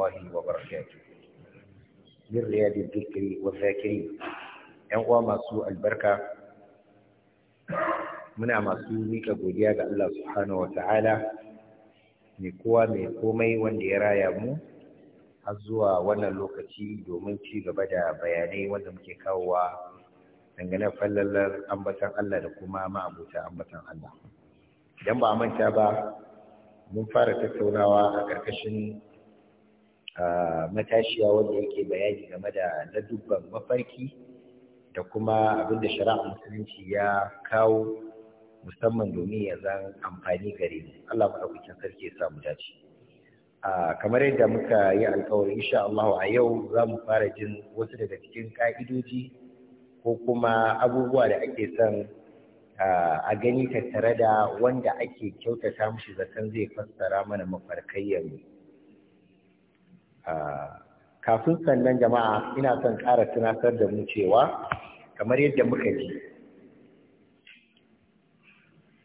الله وبركاته من رياض الذكر والذاكرين ‘yan uwa masu albarka muna masu mika godiya ga Allah subhanahu wa ta'ala mai kowa mai komai wanda ya raya mu har zuwa wannan lokaci domin ci gaba da bayanai wanda muke kawowa dangane fallalar ambatan Allah da kuma ma'abuta ambatan Allah. Idan ba manta ba, mun fara tattaunawa a ƙarƙashin matashiya wanda yake bayani game da ladubban mafarki da kuma abinda shari'a musulunci ya kawo musamman domin ya zan amfani gare mu Allah madaukakin sarki ya samu dace kamar yadda muka yi alkawari insha Allah a yau za mu fara jin wasu daga cikin ka'idoji ko kuma abubuwa da ake son a gani tattare da wanda ake kyautata mishi zaton zai fassara mana mafarkai yanzu kafin sannan jama'a ina son ƙara tunatar da mu cewa kamar yadda muka ji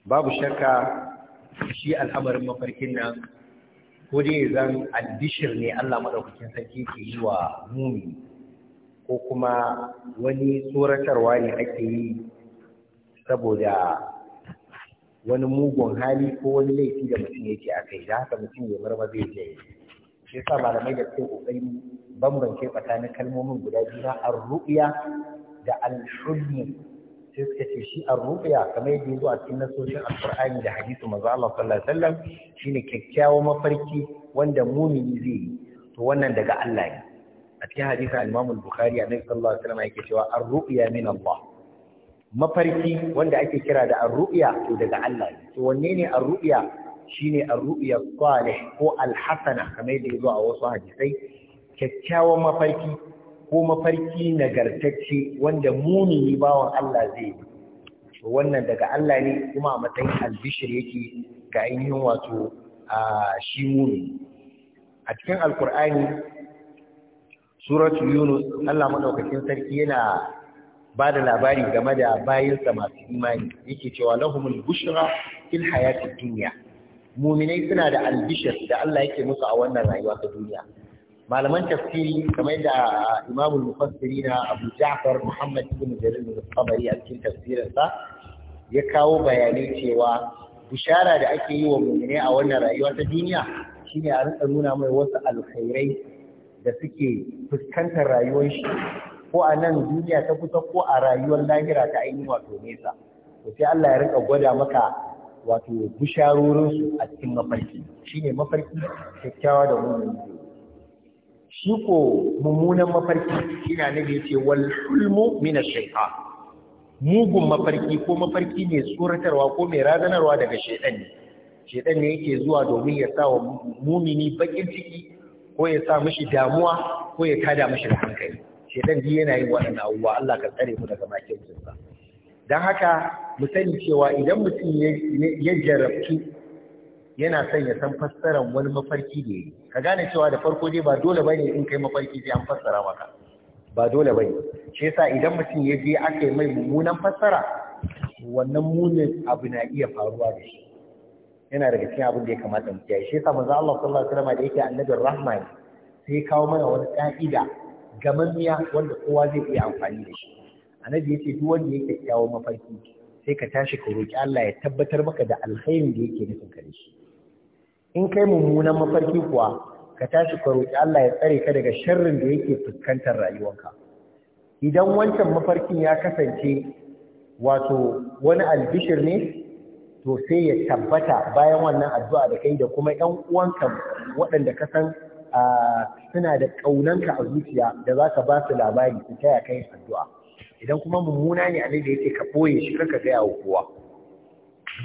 babu shakka shi al'amarin mafarkin nan ko dai zan albishir ne Allah maɗaukakin sarki ke yi wa mumi ko kuma wani tsoratarwa ne ake yi saboda wani mugun hali ko wani laifi da mutum yake a kai da haka mutum ya marma zai je shi yasa malamai da suke kokari bambance tsakanin kalmomin guda biyu na ar-ru'ya da al-hulm sai suka ce shi ar-ru'ya kamar yadda ya zo a cikin nasoshin al-Qur'ani da hadisi manzo Allah sallallahu alaihi wasallam shine kyakkyawan mafarki wanda mumini zai yi to wannan daga Allah ne a cikin hadisin al-Imam al-Bukhari annabi sallallahu alaihi wasallam yake cewa ar-ru'ya min Allah mafarki wanda ake kira da ar-ru'ya to daga Allah ne to wanne ne ar-ru'ya shine ar-ru'ya salih ko al-hasana kamar da yazo a wasu hadisai kyakkyawan mafarki ko mafarki nagartacce wanda mumini bawan Allah zai yi wannan daga Allah ne kuma a matsayin albishir yake ga ainihin wato shi mumini a cikin alkur'ani suratu yunus Allah madaukakin sarki yana ba da labari game da bayinsa masu imani yake cewa lahumul bushra fil hayatid dunya muminai suna da albishir da Allah yake musu a wannan rayuwa ta duniya malaman tafsiri kamar da imamul mufassiri na Abu Ja'far Muhammad ibn Jarir al-Tabari a cikin tafsirinsa ya kawo bayanai cewa bishara da ake yi wa muminai a wannan rayuwa ta duniya shine a rinka nuna mai wasu alkhairai da suke fuskantar rayuwar shi ko a nan duniya ta kusa ko a rayuwar lahira ta ainihin wato nesa to sai Allah ya rinka gwada maka wato bisharorinsu a cikin mafarki shi ne mafarki kyakkyawa da mummuni shi ko mummunan mafarki yana na nabi ce wal hulmu min ash mugun mafarki ko mafarki ne tsoratarwa ko mai razanarwa daga shaidan ne shaidan ne yake zuwa domin ya sa wa mumini bakin ciki ko ya sa mishi damuwa ko ya tada mishi hankali shaidan ji yana yin waɗannan abubuwa Allah ka tsare mu daga bakin sa don haka mu sani cewa idan mutum ya jarabtu yana son ya san fassarar wani mafarki da yi ka gane cewa da farko dai ba dole ba ne in kai mafarki sai an fassara maka ba dole ba ne shi yasa idan mutum ya je aka mai mummunan fassara wannan munin abu na iya faruwa da shi yana daga cikin abin da ya kamata mu kiyaye shi yasa manzo Allah sallallahu alaihi wasallam da yake annabin rahman sai kawo mana wani ka'ida gamammiya wanda kowa zai iya amfani da shi annabi yace duk wanda yake kyawo mafarki sai ka tashi ka roƙi Allah ya tabbatar maka da alkhairin da yake nufin ka shi in kai mummunan mafarki kuwa ka tashi ka roƙi Allah ya tsare ka daga sharrin da yake fuskantar rayuwarka idan wancan mafarkin ya kasance wato wani albishir ne to sai ya tabbata bayan wannan addu'a da kai da kuma ƴan uwanka waɗanda ka san ah, suna da ƙaunanka a zuciya da za ka ba su labari su taya kai addu'a idan kuma mummuna ne da yake ka boye shi kaka gaya wa kowa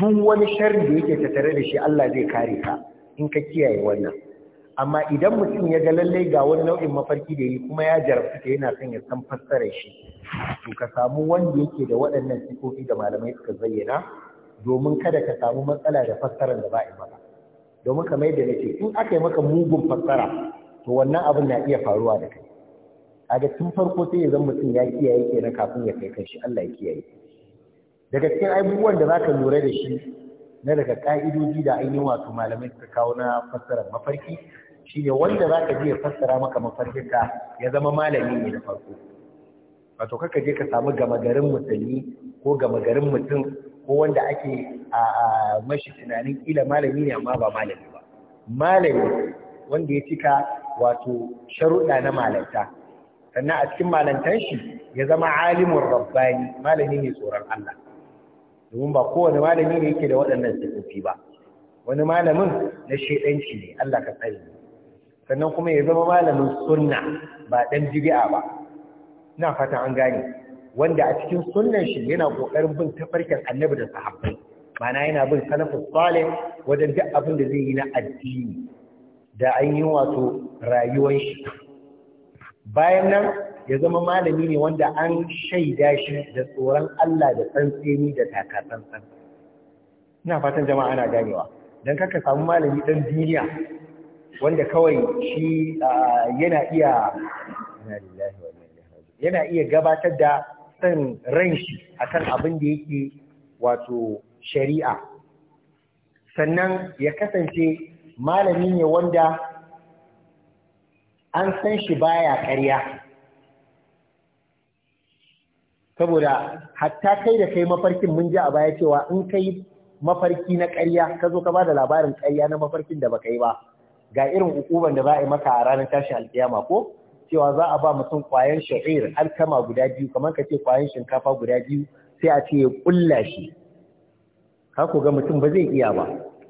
duk wani sharri da yake tattare da shi Allah zai kare ka in ka kiyaye wannan amma idan mutum ya ga lallai ga wani nau'in mafarki da yi kuma ya jarabta yana son ya san fassarar shi to ka samu wanda yake da waɗannan sifofi da malamai suka zayyana domin kada ka samu matsala da fassarar da ba maka domin kamar yadda nake in aka yi maka mugun fassara to wannan abin na iya faruwa da kai aga tun farko sai ya zan mutum ya kiyaye nan kafin ya kai kanshi Allah ya kiyaye daga cikin abubuwan da zaka lura da shi na daga ka'idoji da ainihin wato malamai suka kawo na fassara, mafarki shine wanda zaka je ya fassara maka ka ya zama malami ne na farko wato kaka je ka samu gama garin musulmi ko gama garin mutum ko wanda ake a mashi tunanin kila malami ne amma ba malami ba malami wanda ya cika wato sharuɗa na malanta sannan a cikin malantan shi ya zama alimun rabbani malami ne tsoron Allah domin ba kowane malami ne yake da waɗannan sifofi ba wani malamin na shedanci ne Allah ka tsare sannan kuma ya zama malamin sunna ba dan bid'a ba ina fata an gane wanda a cikin sunnan shi yana kokarin bin tafarkin Annabi da sahabbai mana yana bin salafus salih wajen duk abin da zai yi na addini da an yi wato rayuwar shi bayan nan ya zama malami ne wanda an shaida shi da tsoron Allah da tsantseni da takatsantsan ina fatan jama'a ana ganewa don kaka samu malami ɗan duniya wanda kawai shi yana iya yana iya gabatar da san ran shi akan abin da yake wato shari'a sannan ya kasance malami ne wanda an san shi baya ƙarya saboda hatta kai da kai mafarkin mun ji a baya cewa in kai mafarki na ƙarya ka zo ka ba da labarin ƙarya na mafarkin da baka yi ba ga irin hukuban da za a yi maka a ranar tashi alƙiyama ko cewa za a ba mutum ƙwayan sha'ir alkama guda biyu kamar ka ce ƙwayan shinkafa guda biyu sai a ce ya ƙulla shi ka ku ga mutum ba zai iya ba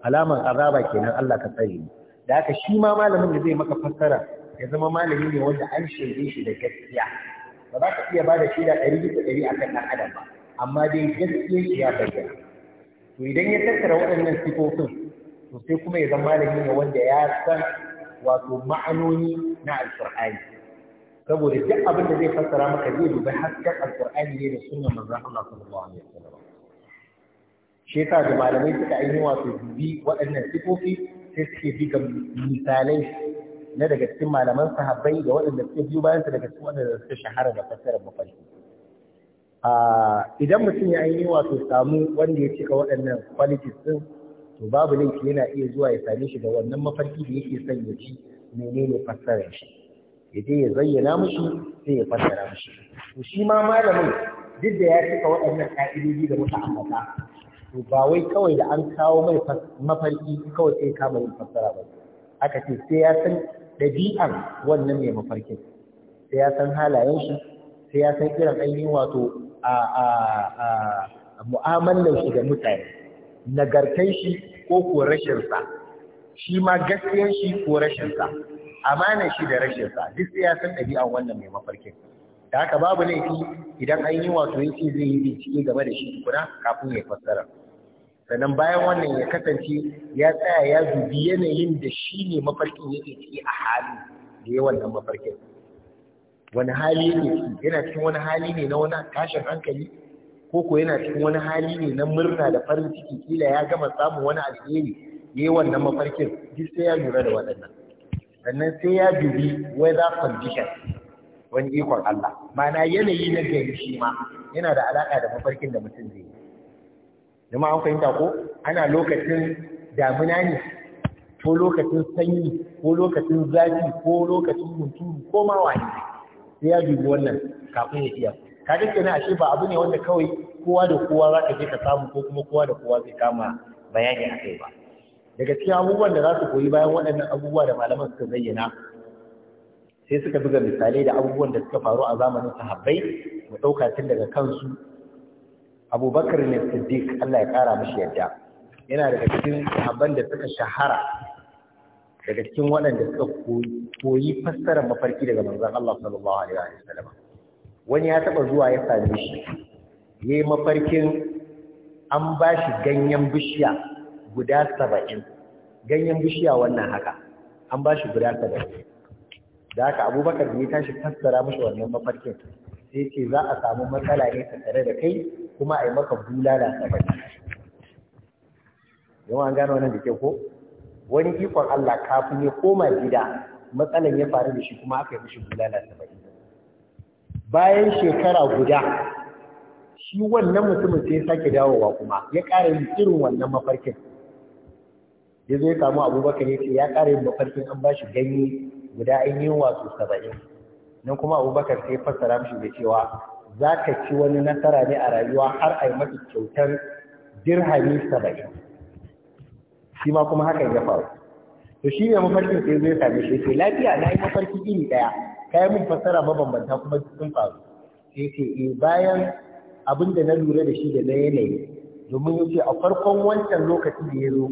alaman azaba kenan Allah ka tsare da haka shi ma malamin da zai maka fassara ya zama malami ne wanda an shaide shi da gaskiya ba za ka iya ba da shaida ɗari bisa ɗari a kan ɗan adam ba amma dai gaskiyar shi ya bayyana to idan ya tattara waɗannan sifofin to sai kuma ya zama malami ne wanda ya san wato ma'anoni na alƙur'ani saboda duk abin da zai fassara maka zai dubi hasken alƙur'ani ne da sunan manzon Allah sallallahu alaihi wasallam shi yasa da malamai suka ainihin wato dubi waɗannan sifofi sai suke bi ga misalai na daga cikin malaman sahabbai da waɗanda suke biyu bayan su daga cikin waɗanda suka shahara da fassarar mafarki idan mutum ya yi to samu wanda ya cika waɗannan qualities din to babu laifi yana iya zuwa ya same shi da wannan mafarki da yake son ya ji menene fassarar shi ya je ya zayyana mushi sai ya fassara mushi to shi ma malamin duk da ya cika waɗannan ka'idodi da muka ambata to ba wai kawai da an kawo mai mafarki kawai sai kama yin fassara ba aka ce sai ya san ɗabi'ar wannan mai mafarkin sai ya san halayen shi sai ya san irin ainihin wato a a mu'amalar shi da mutane nagartan shi ko ko rashinsa, shi ma gaskiyar shi ko rashinsa, sa shi da rashinsa, duk sai ya san ɗabi'ar wannan mai mafarkin da haka babu laifi idan ainihin wato yake zai yi bincike game da shi tukuna kafin ya fassara sannan bayan wannan ya kasance ya tsaya ya dubi yanayin da shi ne mafarkin yake ciki a hali da yawan nan mafarkin wani hali yake ciki yana cikin wani hali ne na wani tashin hankali ko ko yana cikin wani hali ne na murna da farin ciki kila ya gama samun wani alheri ya yi wannan mafarkin duk sai ya lura da waɗannan sannan sai ya dubi weather condition wani ikon Allah ma'ana yanayi na gari shi ma yana da alaƙa da mafarkin da mutum zai yi Dama an fahimta ko ana lokacin damina ne ko lokacin sanyi ko lokacin zafi ko lokacin hunturu ko ma wani sai ya dubi wannan kafin ya iya ka ga na ashe ba abu ne wanda kawai kowa da kowa za ka je ka samu ko kuma kowa da kowa zai kama bayani a kai ba daga cikin abubuwan da za su koyi bayan waɗannan abubuwa da malaman suka zayyana sai suka buga misalai da abubuwan da suka faru a zamanin sahabbai mu ɗauka tun daga kansu abubakar ne siddiq Allah ya kara mashi yadda yana daga cikin sahabban da suka shahara daga cikin waɗanda suka koyi fassarar mafarki daga manzon Allah sallallahu alaihi sallam wani ya taba zuwa ya same shi yi mafarkin an ba shi ganyen bishiya guda saba'in ganyen bishiya wannan haka an ba shi guda saba'in da haka abubakar da ya tashi fassara mashi wannan mafarkin sai ce za a samu matsala ne tattare da kai kuma a yi maka bulala saba'in yawan an gano wannan da ke ko wani ikon Allah kafin ya koma gida matsalan ya faru da shi kuma aka yi mishi bulala saba'in bayan shekara guda shi wannan mutumin sai sake dawowa kuma ya ƙara yin irin wannan mafarkin ya zo ya samu abubakar ya ce ya ƙara yin mafarkin an ba shi ganye guda an yi wasu saba'in nan kuma abubakar sai fassara mishi da cewa za ka ci wani nasara ne a rayuwa har a yi masa kyautar dirhami saba'in shi ma kuma haka ya faru to shi ne mafarkin sai zai same shi sai lafiya na yi mafarki iri ɗaya ka yi min fassara mabambanta kuma sun faru sai ce e bayan abinda na lura da shi da na yanayi domin ya ce a farkon wancan lokacin da ya zo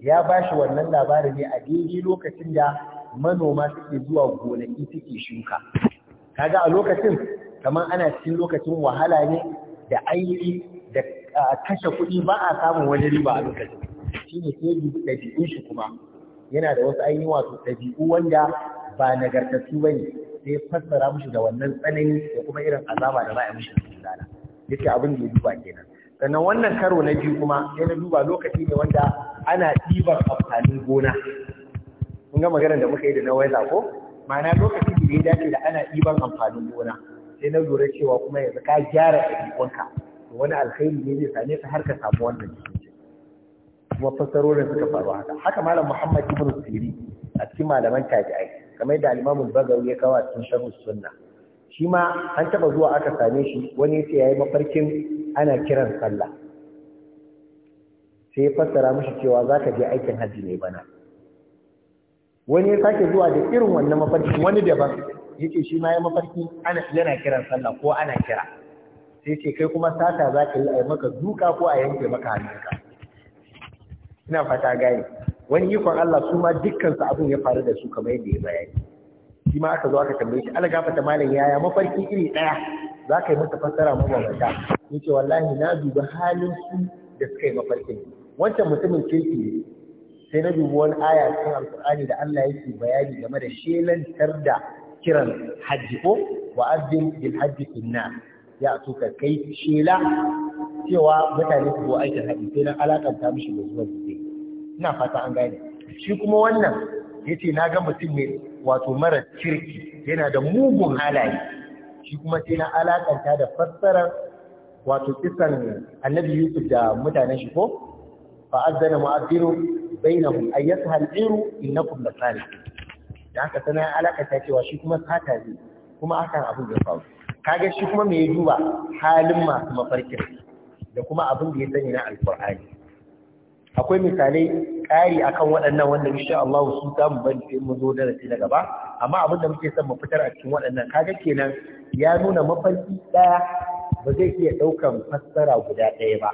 ya ba shi wannan labarin ne a daidai lokacin da manoma suke zuwa gonaki suke shuka kaga a lokacin kamar ana cikin lokacin wahala ne da aiki da kashe kuɗi ba a samun wani riba a lokacin shi ne sai ɗabi'un shi kuma yana da wasu ainihin wato ɗabi'u wanda ba nagartattu ba ne sai fassara mushi da wannan tsanani da kuma irin azaba da ba a mushi cikin rana yake abin da ya duba kenan sannan wannan karo na biyu kuma sai na duba lokaci ne wanda ana ɗiban amfanin gona kun ga maganar da muka yi da na waiza ko ma'ana lokaci da ya dace da ana ɗiban amfanin gona sai na lura cewa kuma yanzu ka gyara ɗabi'unka wani alkhairi ne zai same ka har ka samu wannan cikin kuma fassarorin suka faru haka haka malam muhammad ibn siri a cikin malaman tabi'ai kamar da al-imamu ya kawo a cikin sharh sunna shi ma an taba zuwa aka same shi wani yace yayi mafarkin ana kiran sallah sai ya fassara mishi cewa zaka je aikin hajji ne bana wani ya sake zuwa da irin wannan mafarkin wani daban yake shi ma ya mafarki ana yana kiran sallah ko ana kira sai ce kai kuma sata za ka yi a maka duka ko a yanke maka hannunka ina fata gani, wani ikon Allah su ma dukkansu abin ya faru da su kamar yadda ya bayani shi ma aka zo aka tambaye shi Allah gafarta malam yaya mafarki iri daya za ka yi masa fassara mabambanta yace wallahi na duba halin su da suka yi mafarkin wancan mutumin kirki ne sai na dubi wani aya cikin alkur'ani da Allah yake bayani game da shelantar da kiran hajji ko wa azin bil hajji inna ya so ka kai shela cewa mutane su zo aikin hajji sai nan alakanta mishi da zuwa zai ina fata an gane shi kuma wannan yace na ga mutum ne wato mara kirki yana da mugun halaye shi kuma sai na alakanta da fassarar wato kisan annabi yusuf da mutanen shi ko azana mu'azziru bainahum ayyatuha al-iru innakum lasariqun da haka sana ta cewa shi kuma sata ne kuma hakan abin ya faru kage shi kuma me duba halin masu mafarkin da kuma abin da ya sani na alkur'ani akwai misalai ƙari akan waɗannan wanda insha Allah su samu bari sai mu zo darasi na gaba amma abin da muke son mu fitar a cikin waɗannan kaga kenan ya nuna mafarki ɗaya ba zai iya ɗaukan fassara guda ɗaya ba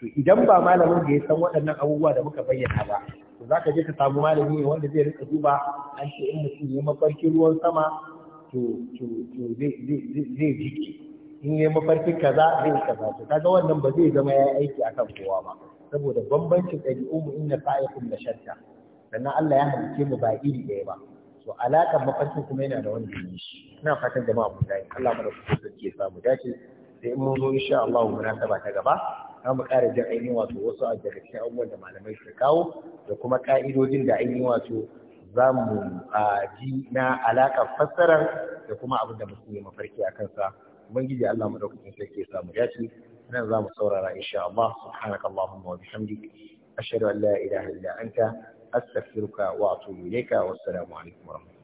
to idan ba malamin da ya san waɗannan abubuwa da muka bayyana ba to za ka je ka samu malami ne wanda zai rika duba an ce in mutum ya mafarkin ruwan sama to zai jiki in ya mafarkin kaza zai kaza to kaga wannan ba zai zama ya aiki akan kowa ba saboda bambancin ɗabi'u mu inna fa'ikum da shatta sannan Allah ya halice mu ba iri ɗaya ba to alakan mafarkin kuma yana da wani jini shi ina fatan jama'a mu gani Allah mu da ku sake samu dace sai in mun zo insha Allah mu na ta gaba za mu ƙara jin ainihin wato wasu a daga cikin abubuwan da malamai suka kawo da kuma ƙa'idojin da ainihin wato za mu ji na alaƙar fassarar da kuma abin da mutum ya mafarki a kansa ubangiji Allah madaukakin sarki ya samu dace nan za mu saurara insha Allah subhanaka allahumma wa bihamdik ashhadu an la ilaha illa anta astaghfiruka wa atubu ilayka wassalamu alaikum wa